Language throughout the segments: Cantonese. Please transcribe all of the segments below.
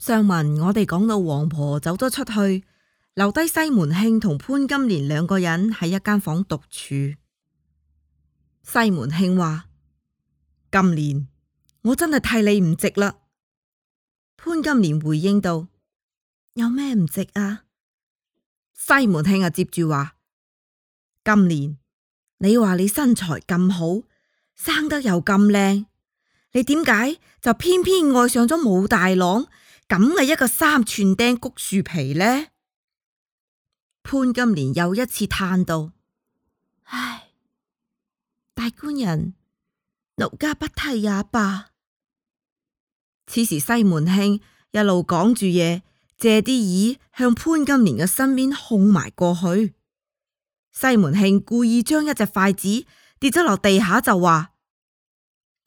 上文我哋講到王婆走咗出去，留低西門慶同潘金蓮兩個人喺一間房獨處。西門慶話：金蓮我真係替你唔值啦。潘金蓮回應道：有咩唔值啊？西門慶就，接住話：金蓮你話你身材咁好，生得又咁靚，你點解就偏偏愛上咗武大郎？咁嘅一個三寸釘，谷樹皮呢？潘金蓮又一次嘆道：唉，大官人，奴家不提也罷。此時西門慶一路講住嘢，借啲意向潘金蓮嘅身邊控埋過去。西門慶故意將一隻筷子跌咗落地下，就話：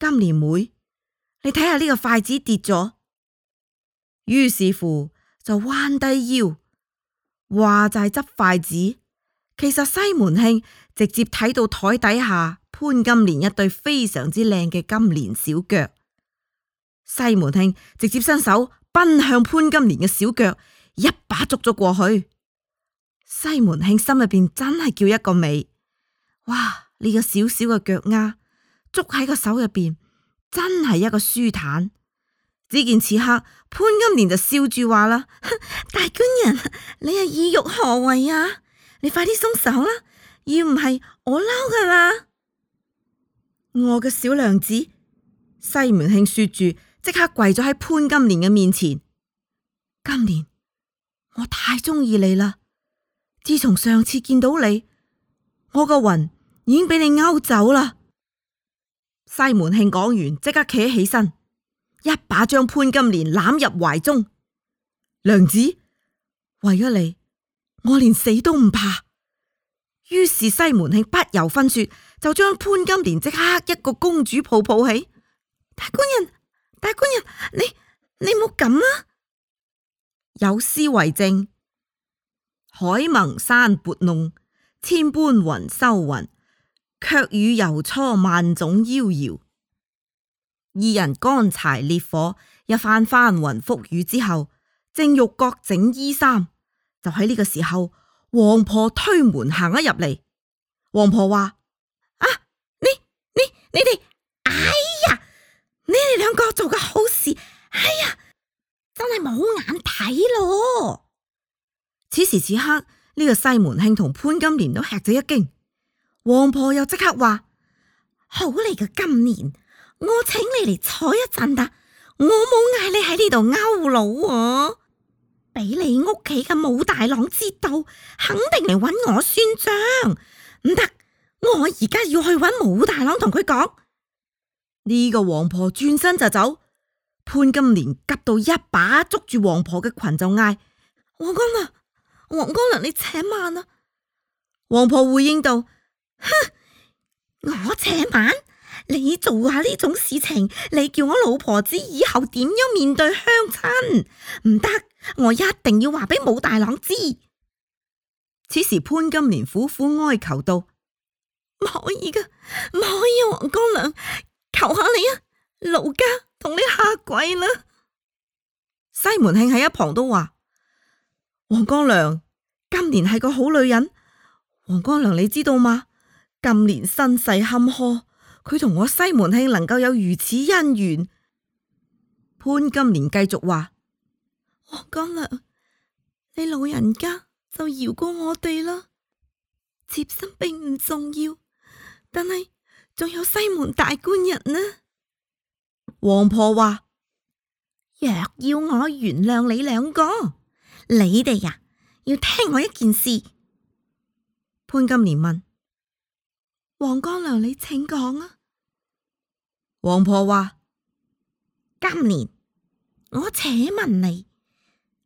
金蓮妹，你睇下呢個筷子跌咗。於是乎就彎低腰，話就係執筷子，其實西門慶直接睇到台底下潘金蓮一對非常之靚嘅金蓮小腳。西門慶直接伸手奔向潘金蓮嘅小腳，一把捉咗過去。西門慶心入邊真係叫一個美，哇！呢個小小嘅腳丫捉喺個手入邊，真係一個舒坦。只見此刻潘金蓮就笑住話啦： 大官人，你係意欲何為啊？你快啲鬆手啦，要唔係我嬲噶啦！我嘅小娘子，西門慶說住，即刻跪咗喺潘金蓮嘅面前。金蓮， 我太中意你啦！自從上次見到你，我嘅魂已經俾你勾走啦！西門慶講完，即刻企起身。一把將潘金蓮攬入懷中，娘子，為咗你，我連死都唔怕。於是西門慶不由分說，就將潘金蓮即刻一個公主抱抱起。大官人，大官人，你你冇咁啊！有詩為證：海盟山撥弄，千般雲收雲，卻與游初萬種妖嬈。二人乾柴烈火，一番翻雲覆雨之後，正欲各整衣衫，就喺呢個時候，王婆推門行咗入嚟。王婆話：啊，你你你哋，哎呀，你哋兩個做嘅好事，哎呀，真係冇眼睇咯！此時此刻，呢個西門慶同潘金蓮都吃咗一驚。王婆又即刻話：好你嘅金蓮。」我請你嚟坐一陣啦，我冇嗌你喺呢度勾佬、啊，俾你屋企嘅武大郎知道，肯定嚟揾我算賬。唔得，我而家要去揾武大郎同佢講。呢、這個王婆轉身就走，潘金蓮急到一把捉住王婆嘅裙就嗌：王乾娘啊，王乾娘啊，你請慢啊！王婆回應道：哼，我請慢。你做下呢種事情，你叫我老婆子以後點樣面對鄉親？唔得，我一定要話俾武大郎知。此時潘金蓮苦苦哀求道：唔可以噶，唔可以啊！王乾娘，求下你啊，奴家同你下鬼下跪啦。西門慶喺一旁都話：王乾娘，金蓮係個好女人。王乾娘，你知道嗎？金蓮身世坎坷。佢同我西門慶能夠有如此姻緣，潘金蓮繼續話：王乾娘，你老人家就饒過我哋啦。妾身並唔重要，但係仲有西門大官人呢？王婆話：若要我原諒你兩個，你哋呀、啊、要聽我一件事。潘金蓮問：王乾娘，你請講啊！王婆話：今年我且問你，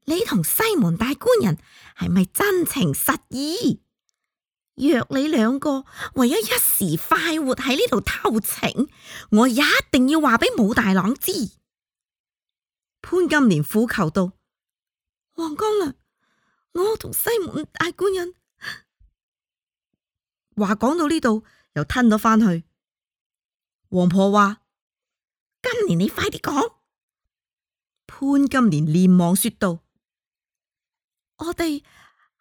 你同西門大官人係咪真情實意？若你兩個為咗一時快活喺呢度偷情，我也一定要話俾武大郎知。潘金蓮苦求道：黃姑啊，我同西門大官人 話講到呢度，又吞咗翻去。王婆話。金蓮你快啲講！潘金蓮連忙說道：我哋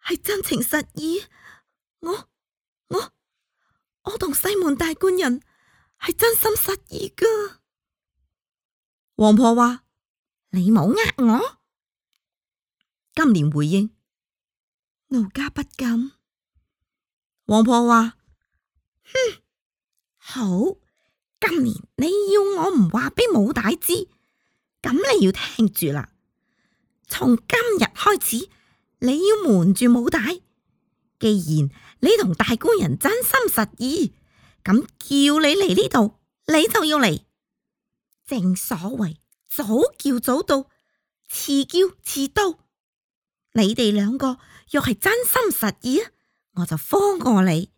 係真情實意，我我我同西門大官人係真心實意㗎。王婆話：你冇呃我。金蓮回應：奴家不敢。王婆話：哼，好。今年你要我唔話俾武大知，咁你要聽住啦。從今日開始，你要瞞住武大。既然你同大官人真心實意，咁叫你嚟呢度，你就要嚟。正所謂早叫早到，遲叫遲到。你哋兩個若係真心實意啊，我就放過你。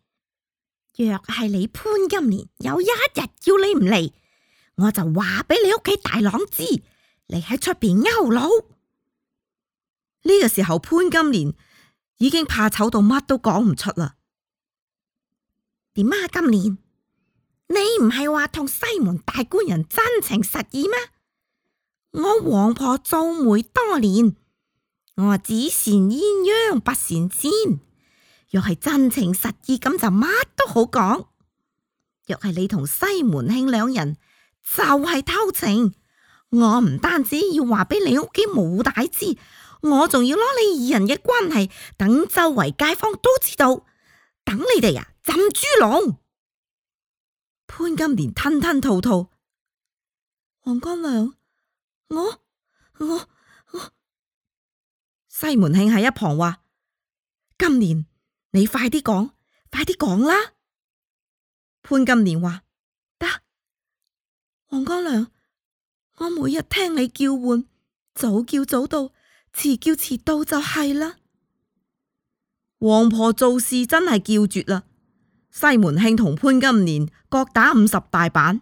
若係你潘金蓮有一日叫你唔嚟，我就話俾你屋企大郎知，你喺出邊勾佬。呢個時候潘金蓮已經怕醜到乜都講唔出啦。點啊，金蓮，你唔係話同西門大官人真情實意嗎？我王婆做媒多年，我只羨鴛鴦不羨仙。若係真情實意，咁就乜都好講。若係你同西門慶兩人就係、是、偷情，我唔單止要話俾你屋企武大知，我仲要攞你二人嘅關係，等周圍街坊都知道，等你哋啊浸豬籠。潘金蓮吞吞吐吐，王乾娘，我我我。我西門慶喺一旁話：今年。你快啲講，快啲講啦！潘金蓮話得，王乾娘，我每日聽你叫喚，早叫早到，遲叫遲到就係啦。王婆做事真係叫絕啦！西門慶同潘金蓮各打五十大板。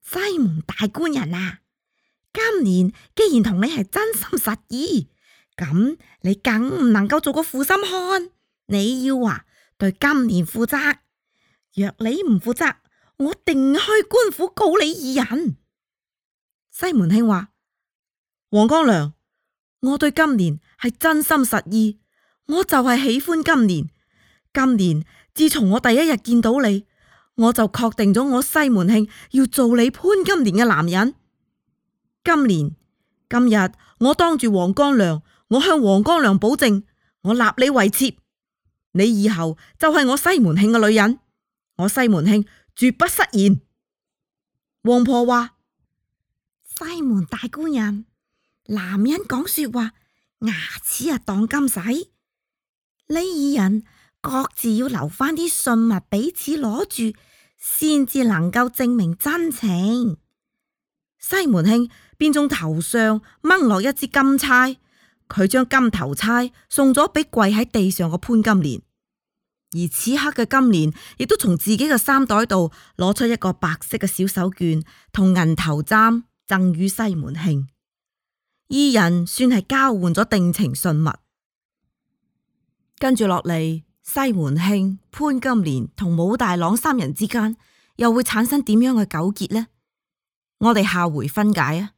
西門大官人啊，今年既然同你係真心實意。咁你梗唔能夠做個負心漢，你要話對金蓮負責。若你唔負責，我定去官府告你二人。西門慶話：黃光良，我對金蓮係真心實意，我就係喜歡金蓮。金蓮自從我第一日見到你，我就確定咗我西門慶要做你潘金蓮嘅男人。金蓮今日我當住黃光良。」我向黃光良保證，我立你為妾，你以後就係我西門慶嘅女人，我西門慶絕不失言。王婆話：西門大官人，男人講說話牙齒啊當金使，呢二人各自要留翻啲信物彼此攞住，先至能夠證明真情。西門慶便從頭上掹落一支金釵。佢將金頭釵送咗俾跪喺地上嘅潘金蓮，而此刻嘅金蓮亦都從自己嘅衫袋度攞出一個白色嘅小手絹同銀頭簪贈予西門慶，二人算係交換咗定情信物。跟住落嚟，西門慶、潘金蓮同武大郎三人之間又會產生點樣嘅糾結呢？我哋下回分解啊！